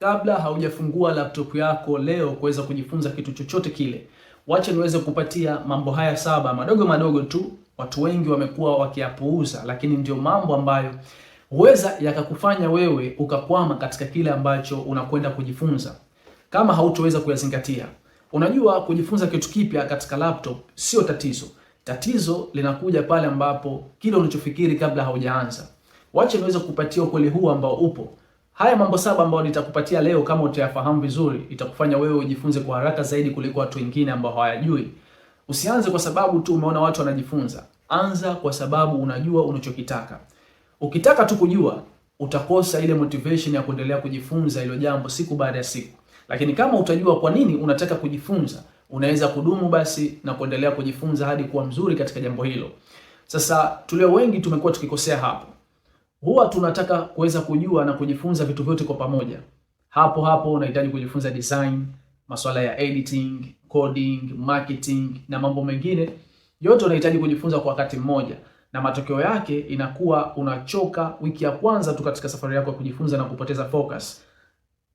Kabla haujafungua laptop yako leo kuweza kujifunza kitu chochote kile, wacha niweze kupatia mambo haya saba madogo madogo tu, watu wengi wamekuwa wakiyapuuza, lakini ndio mambo ambayo huweza yakakufanya wewe ukakwama katika kile ambacho unakwenda kujifunza kama hautoweza kuyazingatia. Unajua, kujifunza kitu kipya katika laptop sio tatizo. Tatizo linakuja pale ambapo kile unachofikiri kabla haujaanza. Wacha niweze kupatia ukweli huu ambao upo Haya mambo saba ambayo nitakupatia leo, kama utayafahamu vizuri, itakufanya wewe ujifunze kwa haraka zaidi kuliko watu wengine ambao hawayajui. Usianze kwa sababu tu umeona watu wanajifunza, anza kwa sababu unajua unachokitaka. Ukitaka tu kujua, utakosa ile motivation ya kuendelea kujifunza hilo jambo siku baada ya siku, lakini kama utajua kwa nini unataka kujifunza, unaweza kudumu basi na kuendelea kujifunza hadi kuwa mzuri katika jambo hilo. Sasa tulio wengi tumekuwa tukikosea hapo huwa tunataka kuweza kujua na kujifunza vitu vyote kwa pamoja. Hapo hapo unahitaji kujifunza design, masuala ya editing, coding, marketing na mambo mengine yote unahitaji kujifunza kwa wakati mmoja, na matokeo yake inakuwa unachoka wiki ya kwanza tu katika safari yako ya kujifunza na kupoteza focus.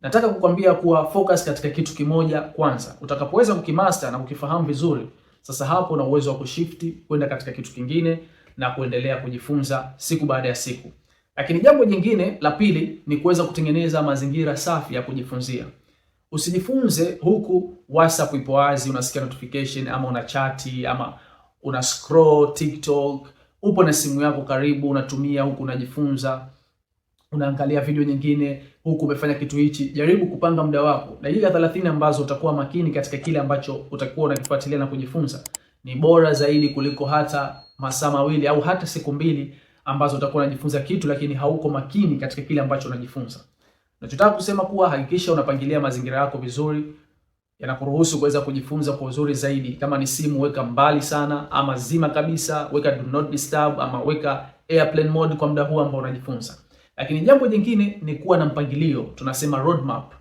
Nataka kukwambia kuwa focus katika kitu kimoja kwanza. Utakapoweza kukimaster na kukifahamu vizuri, sasa hapo una uwezo wa kushifti kwenda katika kitu kingine na kuendelea kujifunza siku baada ya siku. Lakini jambo jingine la pili ni kuweza kutengeneza mazingira safi ya kujifunzia. Usijifunze huku WhatsApp ipo wazi, unasikia notification ama una chati ama una scroll TikTok, upo na simu yako karibu unatumia huku unajifunza, unaangalia video nyingine huku umefanya kitu hichi. Jaribu kupanga muda wako, dakika 30 ambazo utakuwa makini katika kile ambacho utakuwa unakifuatilia na kujifunza, ni bora zaidi kuliko hata masaa mawili au hata siku mbili ambazo utakuwa unajifunza kitu lakini hauko makini katika kile ambacho unajifunza. Nachotaka kusema kuwa hakikisha unapangilia mazingira yako vizuri yanakuruhusu kuweza kujifunza kwa uzuri zaidi. Kama ni simu, weka mbali sana ama zima kabisa, weka do not disturb ama weka airplane mode kwa muda huu ambao unajifunza. Lakini jambo jingine ni kuwa na mpangilio, tunasema roadmap.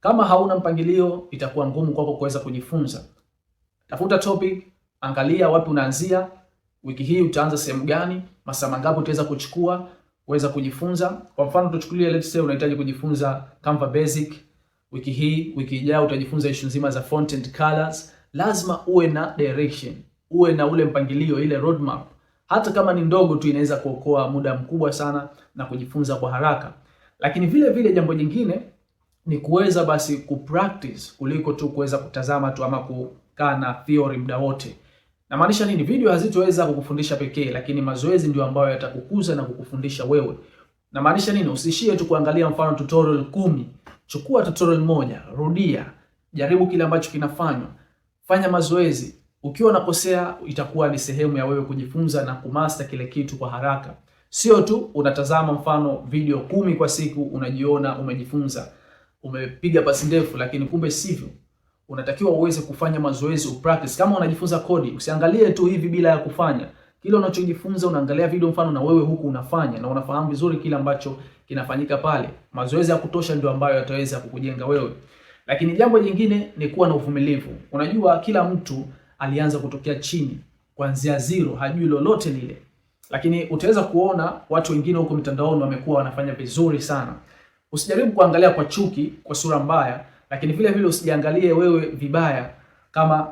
Kama hauna mpangilio, itakuwa ngumu kwako kuweza kujifunza. Tafuta topic, angalia wapi unaanzia, wiki hii utaanza sehemu gani, masaa mangapi utaweza kuchukua uweza kujifunza. Kwa mfano tuchukulie, let's say unahitaji kujifunza Canva basic wiki hii, wiki ijayo utajifunza issue nzima za font and colors. Lazima uwe na direction, uwe na ule mpangilio, ile roadmap. Hata kama ni ndogo tu, inaweza kuokoa muda mkubwa sana na kujifunza kwa haraka. Lakini vile vile jambo jingine ni kuweza basi kupractice kuliko tu kuweza kutazama tu ama kukaa na theory muda wote. Namaanisha nini? Video hazitoweza kukufundisha pekee, lakini mazoezi ndio ambayo yatakukuza na kukufundisha wewe. Namaanisha nini? Usishie tu kuangalia mfano tutorial kumi, chukua tutorial moja, rudia, jaribu kile ambacho kinafanywa, fanya mazoezi. Ukiwa unakosea, itakuwa ni sehemu ya wewe kujifunza na kumaster kile kitu kwa haraka, sio tu unatazama mfano video kumi kwa siku, unajiona umejifunza, umepiga pasi ndefu, lakini kumbe sivyo unatakiwa uweze kufanya mazoezi upractice. Kama unajifunza kodi, usiangalie tu hivi bila ya kufanya kile unachojifunza. Unaangalia video mfano, na wewe huku unafanya na unafahamu vizuri kile ambacho kinafanyika pale. Mazoezi ya kutosha ndio ambayo yataweza kukujenga wewe. Lakini jambo jingine ni kuwa na uvumilivu. Unajua, kila mtu alianza kutokea chini, kuanzia zero, hajui lolote lile, lakini utaweza kuona watu wengine huko mitandaoni wamekuwa wanafanya vizuri sana. Usijaribu kuangalia kwa chuki, kwa sura mbaya lakini vile vile usijiangalie wewe vibaya kama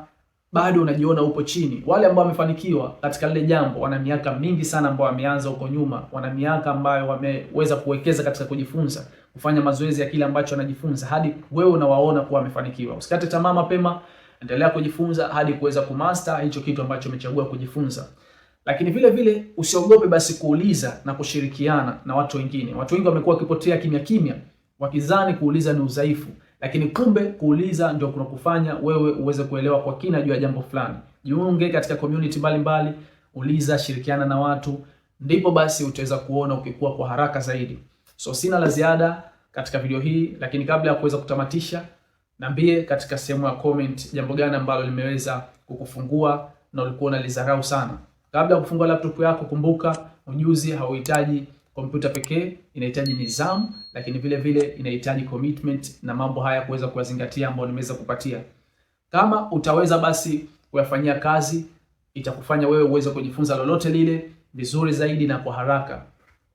bado unajiona upo chini. Wale ambao wamefanikiwa katika lile jambo wana miaka mingi sana ambao wameanza huko nyuma, wana miaka ambayo wameweza kuwekeza katika kujifunza, kufanya mazoezi ya kile ambacho wanajifunza hadi wewe unawaona kuwa wamefanikiwa. Usikate tamaa mapema, endelea kujifunza hadi kuweza kumaster hicho kitu ambacho umechagua kujifunza. Lakini vile vile usiogope basi kuuliza na kushirikiana na watu wengine. Watu wengi wamekuwa wakipotea kimya kimya wakizani kuuliza ni udhaifu lakini kumbe kuuliza ndio kunakufanya wewe uweze kuelewa kwa kina juu ya jambo fulani. Jiunge katika community mbalimbali, uliza, shirikiana na watu, ndipo basi utaweza kuona ukikua kwa haraka zaidi. So sina la ziada katika video hii, lakini kabla ya kuweza kutamatisha, niambie katika sehemu ya comment jambo gani ambalo limeweza kukufungua na ulikuwa unalidharau sana. Kabla ya kufungua laptop yako, kumbuka ujuzi hauhitaji kompyuta pekee inahitaji nidhamu, lakini vile vile inahitaji commitment na mambo haya kuweza kuyazingatia ambayo nimeweza kupatia. Kama utaweza basi kuyafanyia kazi, itakufanya wewe uweze kujifunza lolote lile vizuri zaidi na kwa haraka.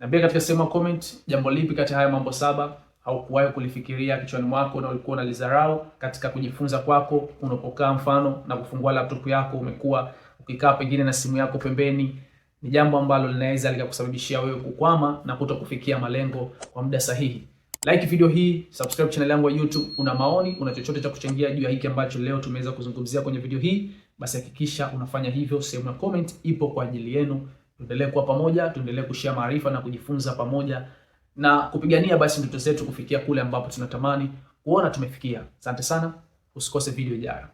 Niambie katika sehemu ya comment jambo lipi kati haya mambo saba haukuwahi kulifikiria kichwani mwako na ulikuwa unalidharau katika kujifunza kwako unapokaa mfano na kufungua laptop yako, umekuwa ukikaa pengine na simu yako pembeni ni jambo ambalo linaweza likakusababishia wewe kukwama na kuto kufikia malengo kwa muda sahihi. Like video hii, subscribe channel yangu ya YouTube. Una maoni, una chochote cha kuchangia juu ya hiki ambacho leo tumeweza kuzungumzia kwenye video hii, basi hakikisha unafanya hivyo. Sehemu ya comment ipo kwa ajili yenu. Tuendelee kuwa pamoja, tuendelee kushare maarifa na kujifunza pamoja na kupigania basi ndoto zetu kufikia kule ambapo tunatamani kuona tumefikia. Asante sana, usikose video ijayo.